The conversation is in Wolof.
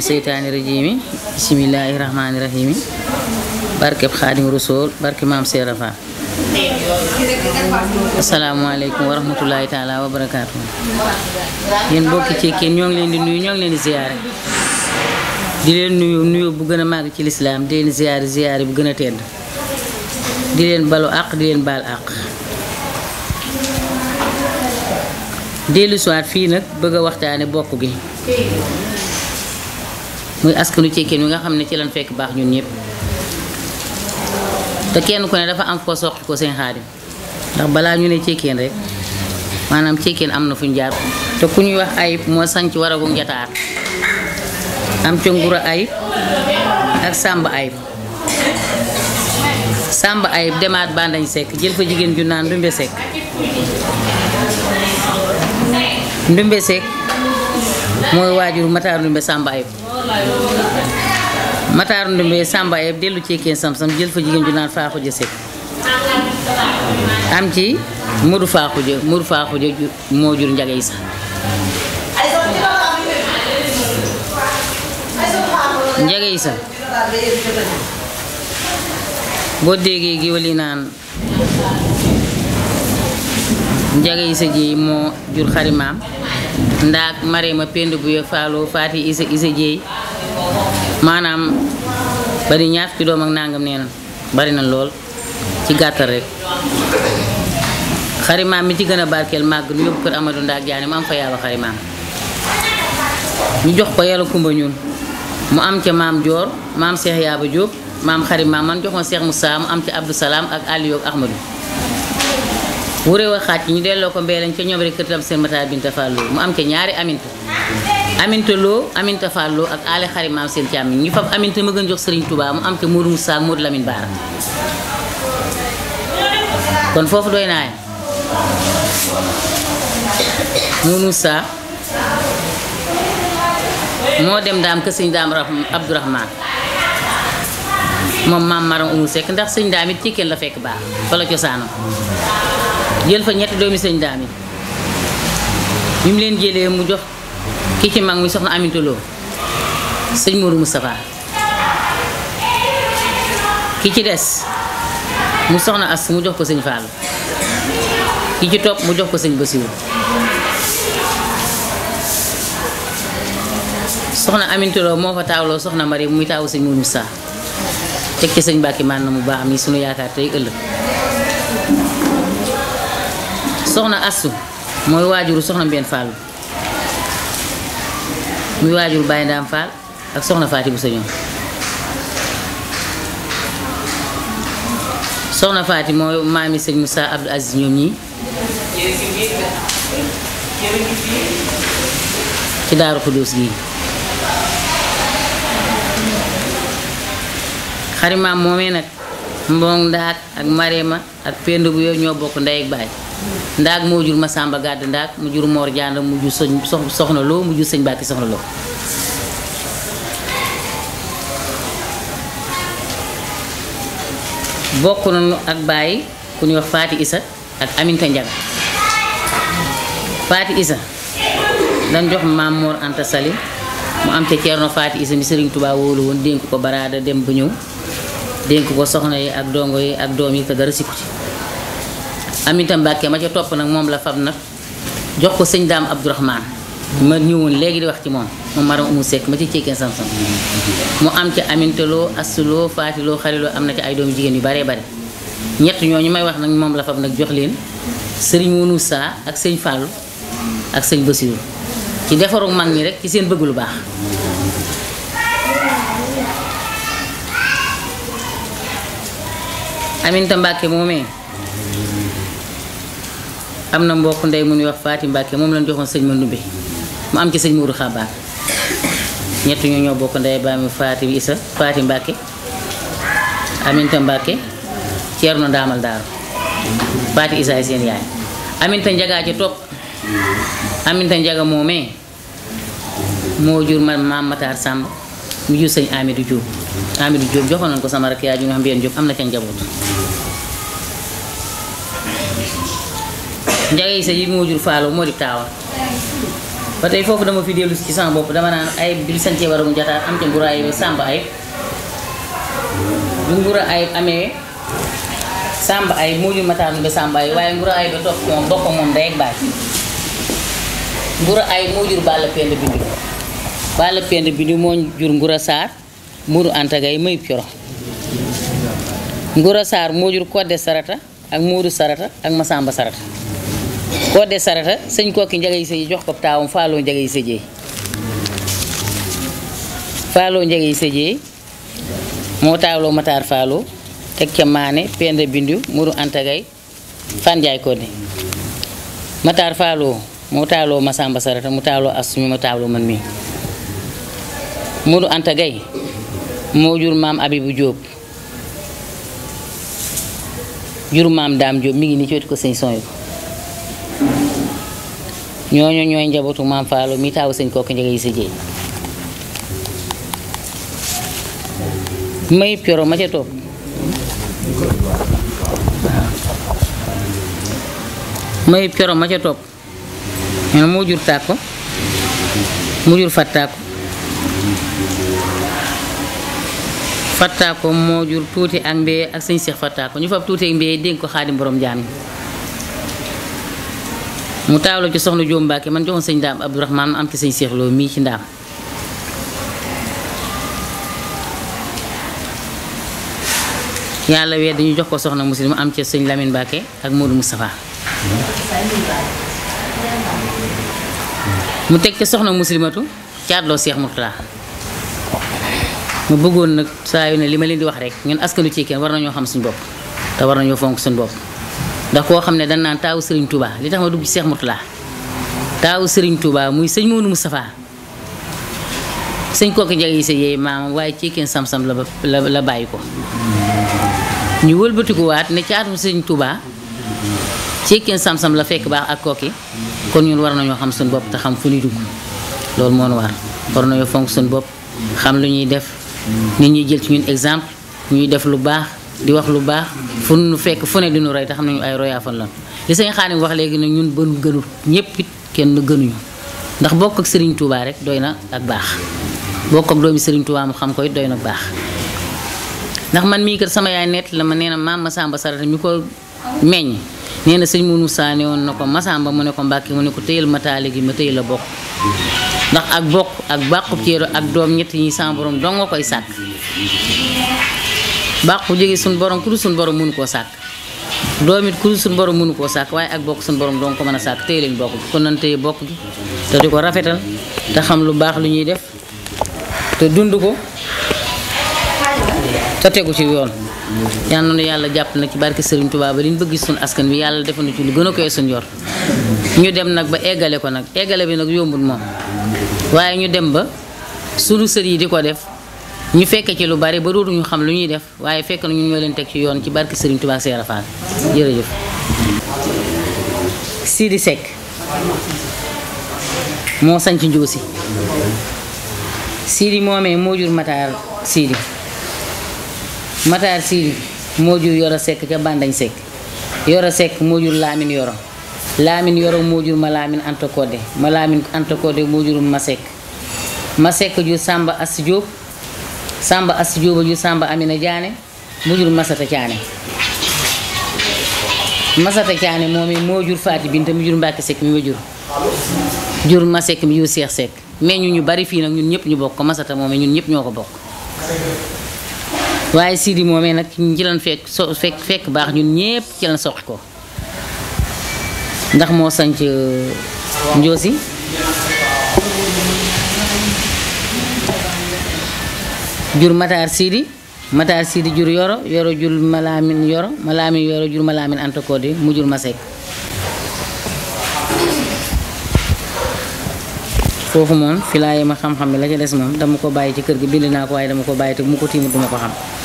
mina seytaani rajiimi bismillaahi rahmaani rahiimi barkeb xaadim rasool barke maam seera faal asalaamaaleykum wa rahmatulahi wa barakaatu yéen bokki ci kenn ñoo ngi leen di nuyu ñoo ngi leen di ziyaare di leen nuyu nuyu bu gën a màgg ci lislaam di leen ziyaare ziyaare bu gën a tedd di leen balu àq di leen baal àq dellu siwaat fii nag bëgg a waxtaane bokk gi muy askanu cekkeen wi nga xam ne ci lan fekk baax ñun ñëpp te kenn ku ne dafa am foo soqi ko seen xaadim ndax balaa ñu ne cekkeen rek maanaam cekkeen am na fu ñu jaar te ku ñuy wax ayib moo sanc waragu njataar am congura ayib ak sàmb ayib sàmb ayib demaat bandañ sekk jël fa jigéen ju naan ndumbe sekk ndumbe sekk mooy waajuru mataar ndumbe sàmb ayib Matar Ndumbé Samba yëpp dellu ci kenn sam sam jël fa jigéen ju naan faaxu ja am ci Modou faaxu ja Modou moo jur Njaga Isa Njaga Isa boo déggee géwél yi naan Njaga Isa ji moo jur xarimaam ndaak Marema Penda Gueye Fallou yi Issa Issa Dieye maanaam bari ñaar fukki doom ak nangam nee na bari na lool ci gàttal rek xarimaam mi ci gën a barkeel màgg nu yóbbu kër Amadou Ndaak Jaane mu am fa yàlla xarimaam ñu jox ko yàlla kumba ñun mu am ca maam Dior maam Cheikh Yaaba Diop maam xarimaam man jox ma Cheikh Moussa mu am ca Abdou Salaam ak Aliou ak Ahmadou wuréew a xaaj ñu delloo ko mbee lañ ca ñoom rek kër tam seen mataar binta fàlloo mu am ca ñaari aminta aminta loo ak ale xari maam seen càmmiñ ñu fab aminta ma gën jox sëriñ Touba mu am ca Modou Moussa foofu doy naa Modou moo dem daam sëñ daam Abdourahman moom maam maram umu sekk ndax sëñ daam it ci kenn la fekk baax fa la cosaanam jël fa ñetti doomi sëñ daan yi bi mu leen jëlee mu jox ki ci mag mi soxna Aminta Lo sëñ Mourou Moustapha ki ci des mu soxna as mu jox ko sëñ Fall ki ci topp mu jox ko sëñ Bassirou soxna Aminta moo fa taawloo soxna Mari muy taawu sëñ Mourou Moustapha teg ci sëñ Bakki man mu baax mi sunu yaakaar tey ëllëg soxna Astou mooy waajuru soxna Mbène Fall muy waajuru ak soxna Faati bu sa soxna Faati mooy maami sëñ Moussa Abdou Aziz ñoom ñii ci Daaru Xudóos gii xarimaam moomee nag mbong ndaat ak Marema ak Penda bu yow ñoo bokk ndey baay ndaag moo jur sàmba Gàdd ndaag mu jur Mor Jaanda mu jur sëñ soxna sëñ Bàkki soxna loo bokk nañu ak bàyyi ku ñuy wax Faati Isa ak Aminta Njaga Faati Isa dañ jox maam Mor Anta mu am te Ceerno Faati Isa mi Sëriñ Tuubaa wóolu woon dénk ko baraada dem bu ñëw dénk ko soxna yi ak dongo yi ak doom yi te dara sikku ci Aminta Mbàkke ma ca topp nag moom la fab nag jox ko sëñ daam Abdourahman ma ñëwoon léegi di wax ci moom moom maram umu sekk ma ci ceekeen sam mu am ca amintaloo assuloo faatiloo xariloo am na ca ay doomu jigéen yu baree bare ñett ñoo ñu may wax nag moom la fab nag jox leen sëriñ wonu saa ak sëñ Fàllu ak sëñ Basiru ci defaru mag ñi rek ci seen bëgg lu baax Aminta Mbàkke moomee am na mbokk ndey mu ñuy wax Faati Mbàkke moom lañ joxoon sëñ Mandumbe mu am ci sëñ Mourou Xabaar ñett ñoo ñoo bokk ndey baami Faati Isa Faati Mbàkke Aminta Mbàkke Ceerno Ndaamal man maam Matar Samb mu jur sëñ Amidou joxoon nañ ko sama rakk yaay am na ca njaboot njagay sa yi moo jur faalo moo di taawam ba foofu dama fi dellu ci sama bopp dama naan ay bi santee waramu jataar bu ngura ayib amee sàmb ayib moo jur mataar ba sàmb ay waaye ngura ayib ba topp moom bokk moom day ak baay ngura ayib moo jur bàll pend bindi bàll pend bindi moo jur ngura saar muru antagay mayub coro ngura saar moo jur kodde sarata ak moodu sarata ak masamba sarata koo de sarata sëñ kooki njagay sëy jox ko taawam faaloo njagay sëjee faaloo njagay sëjee moo taawloo mataar faaloo teg ca maane penda bindu muru antagay fanjaay ko ne mataar faaloo moo taawloo masamba sarata mu taawloo asumi mu taawloo man mi muru antagay moo jur maam abibu jóob jur maam daam jóob mi ngi ni ci wetu ko sëñ sooy ñooñu ñooy njabootu maam Fallo mi taaw sëñ kooku njëge yi si jéey mayib coro ma ca toog mayib coro ma ca toog ñene moo jur tàkko mu jur fattaako fattaako moo jur tuuti ak mbéye ak sëñ Seex fattaako ñu fab tuuti ak mbéye dénk ko xaadim borom jaam yi mu taaw la ci soxna Jóob Mbàkke man joxoon sëñ daam Abdourahmane ma am ci sëñ Seex mii ci ndaam yàlla weer dañu jox ko soxna muslim am ci sëñ Lamine Mbàkke ak Modou Moustapha mu teg ci soxna muslimatu caatloo Seex Murtala mu bëggoon nag saa yu li ma leen di wax rek ñun askanu ci kenn war nañoo xam suñu bopp te war nañoo fonk suñu bopp ndax koo xam ne dañ naan taawu sëriñ Touba li tax ma dugg ci Cheikh Mourtala taawu Serigne Touba muy sëñ Moodu Moustapha sëñ kooku jagi sa yeey maamam waaye ci kenn sam-sam la la la bàyyi ko ñu wëlbatikuwaat ne ci atum Serigne Touba ci kenn sam la fekk baax ak kooki kon ñun war nañoo xam suñu bopp te xam fu ñuy dugg loolu moo war war nañoo fonk suñu bopp xam lu ñuy def nit ñuy jël ci ñun exemple ñuy def lu baax. di wax lu baax fu nu fekk fu ne di nu roy te xam nañu ay royaafal la li sëñ Xaadim wax léegi ne ñun bën gënu ñëpp it kenn gënuñu ndax bokk ak Serigne Touba rek doy na ak baax bokk ak doomi Serigne Touba xam ko it doy baax ndax man mii kër sama yaay nett la ma nee na maam Masamba Sarata mi ko meññ nee na sëñ Mounou Sané woon na ko Masamba mu ne ko Mbàkke mu ko téyal ma gi ma téyal la bokk ndax ak bokk ak bàqu ceeru ak doom ñett ñi sama borom nga koy sàkk baax bu jógee suñ borom ku dul suñu borom mënu koo sàkk doom it ku dul suñu borom mënu koo sàkk waaye ak bokk suñu borom doon ko mën a sàkk téye leen bokk kon nan bokk te di ko rafetal te xam lu baax lu ñuy def te dund ko te tegu ci yoon yal na yàlla jàpp nag ci barke sëriñ Touba ba li ñu suñu askan bi yàlla defa na ci lu gën a koy suñ yor ñu dem nag ba eggale ko nag eggale bi nag yombul moom waaye ñu dem ba sunu sër yi di ko def ñu fekke ci lu bari ba dootuñu xam lu ñuy def waaye fekk na ñu ñoo leen teg ci yoon ci barke Serigne Touba Serap Fall jërëjëf. Sidi Seck moo sanc Njóosi Sidi moomee moo jur Matar Sidi Matar Sidi moo jur Yoro Seck ca Bandañ sekk Yoro Seck moo jur Lamine Yoro Lamine Yoro moo jur ma Lamine Anta Codé ma Lamine Anta Codé moo jur ma Seck ma Seck jur Samba Assi Diop. Samba As Jóoba sàmba Samba Amina Jaane mu jur Masata Caane Masata Caane moom it moo jur Faati Binta mu jur Mbàkke Sekk mi ma jur jur ma Sekk mi jur Seex Sekk mais ñun ñu bari fii nag ñun ñëpp ñu bokk ko Masata moomee ñun ñëpp ñoo ko bokk waaye Sidi moomee nag ci lan fekk so fekk fekk baax ñu ñëpp ci lan soqi ko ndax moo sanc euh, Njoosi jur Matar siidi Matar Sidi jur Yoro Yoro jur Malamine Yoro Malamine Yoro jur Malamine Anta Codé mu jur Masek foofu moom fi laa a xam-xam bi la ca des moom dama ko bàyyi ci kër gi bind naa ko waaye dama ko bàyyi te bu ma ko tiimut duma ko xam